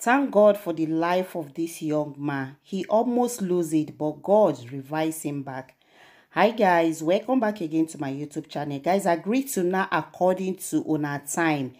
Thank God for the life of this young man. He almost lost it, but God revives him back. Hi guys, welcome back again to my YouTube channel. Guys, I agree to now according to on our time,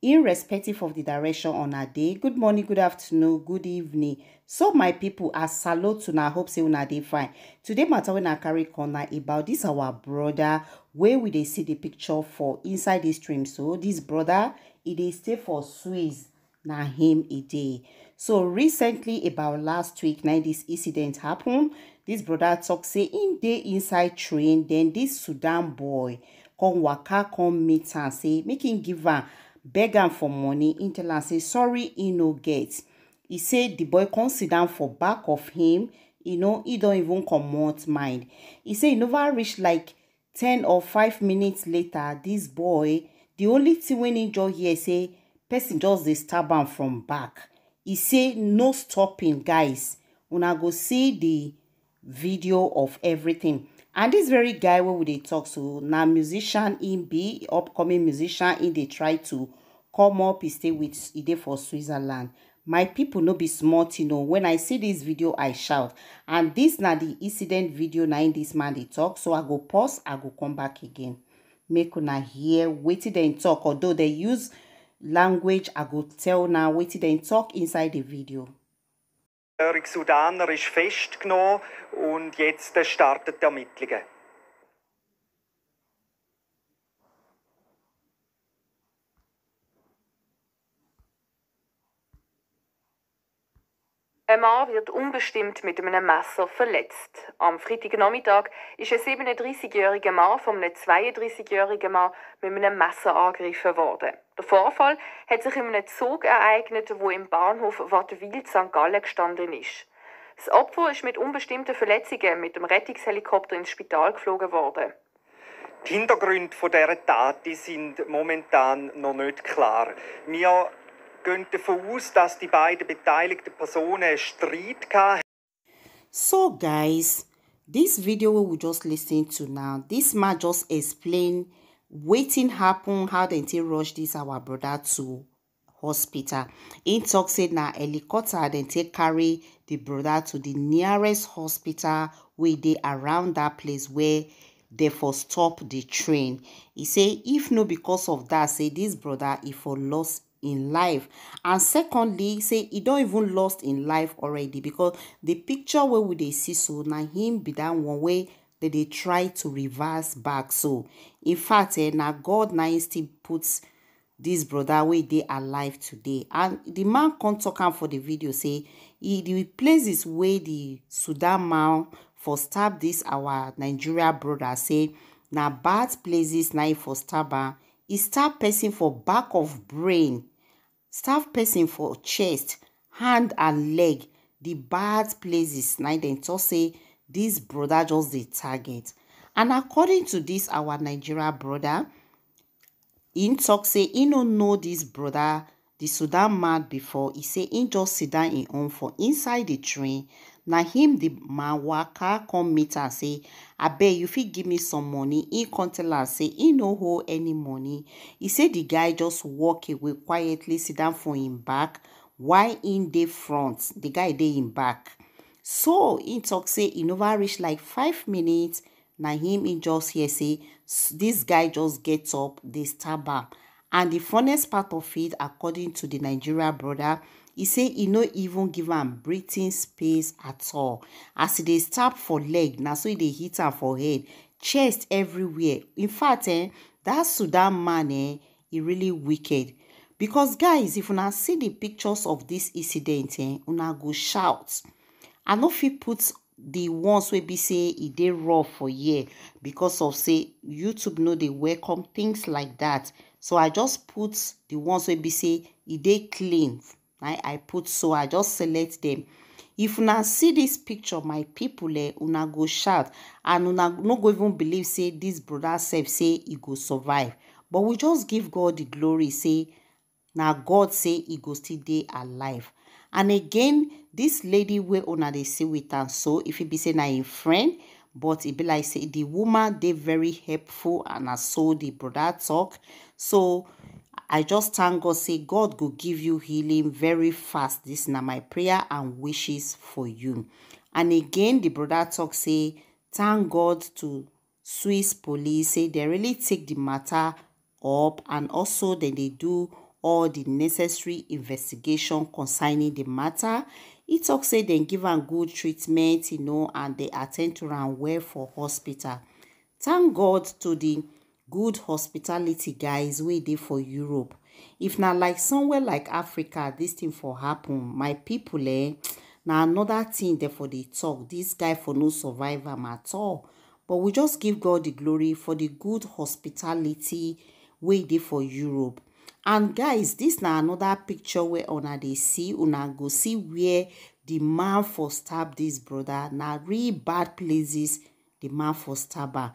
irrespective of the direction on our day. Good morning, good afternoon, good evening. So my people, I salute to now. Hope say una day fine. Today matter when I carry corner about this our brother where we they see the picture for inside this stream. So this brother, it is stay for Swiss na him e dey so recently about last week na this incident happen This brother talk say im dey inside train then this sudan boy come waka come meet am say make im give am beg am for money im tell am say sorry he no get He say the boy come sit down for back of him You know he don even comot mind He say he never reach like ten or five minutes later This boy the only thing wey im just hear say person just dey stab am from back He say no stopping guys When I go see the video of everything and this very guy where we they talk so now musician in B, upcoming musician im they try to come up He stay with e dey for switzerland my people no be smart, you oh. know. when i see this video i shout and this now the incident video now in this man they talk so i go pause i go come back again make una hear wetin dem talk although they use language I go tell now wetin dem talk inside the video. Erik Sudaner ist festgenommen und jetzt startet die Ermittlungen. Ein Mann wird unbestimmt mit einem Messer verletzt. Am Freitagnachmittag ist ein 37-jähriger Mann von einem 32-jährigen Mann mit einem Messer angegriffen worden. Der Vorfall hat sich in einem Zug ereignet, wo im Bahnhof Wattwil St. Gallen gestanden ist. Das Opfer ist mit unbestimmten Verletzungen mit dem Rettungshelikopter ins Spital geflogen worden. Die Hintergründe dieser Tat sind momentan noch nicht klar. Wir gehen davon aus, dass die beiden beteiligten Personen Streit hatten. So, guys, this video we just listened to now, this man just explained Waiting happen how dem take rush this our brother to hospital im tok say na helicopter dem take carry the brother to the nearest hospital wey dey around that place where dem for stop the train e say if no because of that, say this brother e for lost im life and secondly say e don even lost im life already because the picture wey we dey see so na him be dat one wey They dey try to reverse back so in fact eh now God na him still put dis brother wey dey alive today and the man come talk am for the video say he the places where the Sudan man for stab this our Nigeria brother say now. bad places na for stab am e stab person for back of brain stab person for chest hand and leg the bad places na dem talk say this brother just the target and according to this our nigeria brother in talk say he don't know this brother the sudan man before he say he just sit down in home for inside the train na him the man worker come meet and say abeg you fit give me some money he come tell am say he no hold any money he say the guy just walk away quietly sit down for him back Why in the front the guy dey him back So he talk say he never reach like five minutes. Na him he just hear say this guy just get up, they stab am. And the funniest part of it, according to the Nigeria brother, he say he no even give am breathing space at all as e dey stab for leg now, so they hit am for head chest everywhere in fact eh, that sudan man eh, he really wicked because guys if una see the pictures of this incident eh, una go shout i no fit put the ones wey be say e dey raw for here because of say youtube no dey welcome things like that so i just put the ones wey be say e dey clean i i put so i just select them if una see this picture my people eh una go shout and una no go even believe say this brother say say he go survive but we just give god the glory say now god say he go still dey alive and again this lady wey una dey see with her. so if it be say na a friend but it be like say the woman dey very helpful and I saw the brother talk so i just thank god say god go give you healing very fast This na my prayer and wishes for you and again the brother talk say thank god to swiss police say they really take the matter up and also then they do all the necessary investigation concerning the matter e tok say dem give am good treatment you know and dem at ten d to am well for hospital thank god to the good hospitality guys wey dey for europe if na like somewhere like africa dis thing for happen my people eh na another thing dem for dey talk dis guy for no survive am at all but we just give god the glory for the good hospitality wey dey for europe and guys this na another picture wey una dey see una go see where the man for stab this brother. na real bad places the man for stab am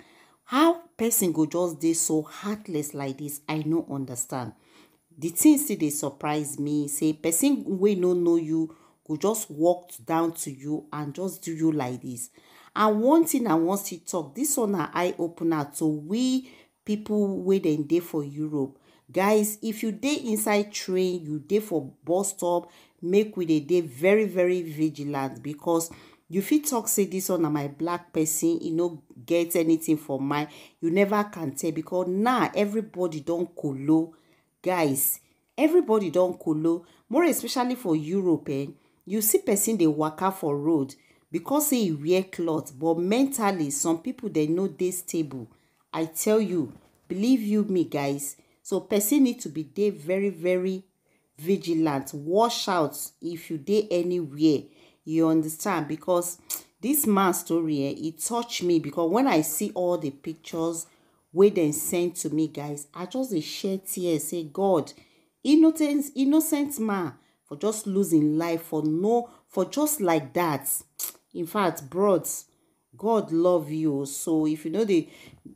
how person go just dey so heartless like this? i no understand The thing still dey surprise me say person wey no know you go just walk down to you and just do you like this. and one thing i wan still talk this one na eye opener to we people wey dem dey for europe guys if you dey inside train you dey for bus stop make we dey dey very very vigilant because you fit talk say dis one na my black person e no get anything for mind you never can tell because now everybody don kolo guys everybody don kolo more especially for europe eh you see person dey waka for road because say e wear cloth but mentally some people dem no dey stable i tell you believe you me guys so person need to be dey very very vigilant watch out if you dey anywhere you understand because this man story eh e touch me because when i see all the pictures wey dem send to me guys i just dey shed tears say god innocent innocent man for just lose im life for no for just like that in fact broads god love you so if you know the,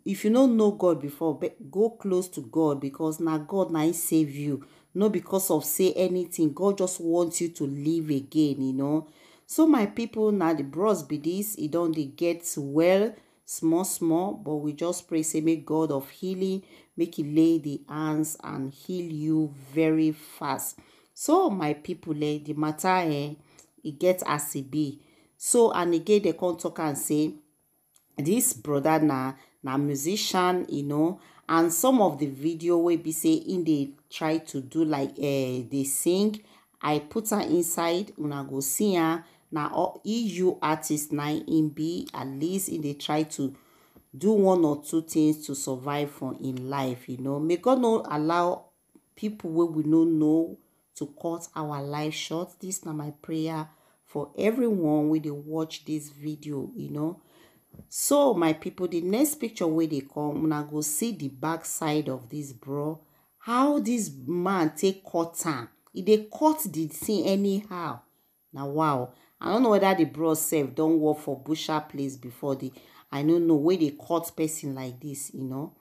if you don't know god before go close to god because now god now save you Not because of say anything god just wants you to live again you know so my people now the bros be this It only gets get well small small but we just pray say make god of healing make e lay the hands and heal you very fast so my people eh the matter eh it gets as be so and again dem come talk and say this brother na na musician you know and some of the video wey be say in they try to do like they eh, sing i put her inside I go see am na eu artist nine in B at least in they try to do one or two things to survive for in life you know may god not allow people where we don't know to cut our life short dis na my prayer for everyone when they watch this video you know so my people, the next picture where they come una go see the back side of this bro how this man take cut time? If they cut the thing anyhow now wow i don't know whether the bros sef Don't work for bushel place before the. i don't know where they cut person like this, you know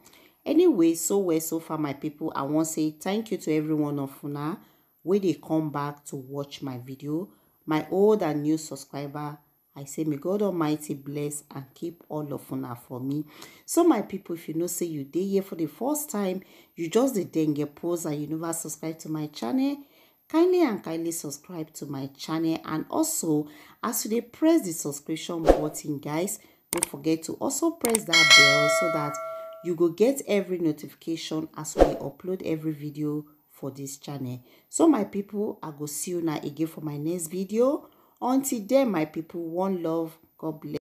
anyway so well so far my people. i wan say thank you to everyone of una where they come back to watch my video my old and new subscriber i say may god almighty bless and keep all of una for me so my people if you know say you day here for the first time you just dey denge post and you never subscribe to my channel kindly and kindly subscribe to my channel and also as you press the subscription button guys don't forget to also press that bell so that you go get every notification as we upload every video for this channel so my people, i go see you now again for my next video until then, my people, one love god bless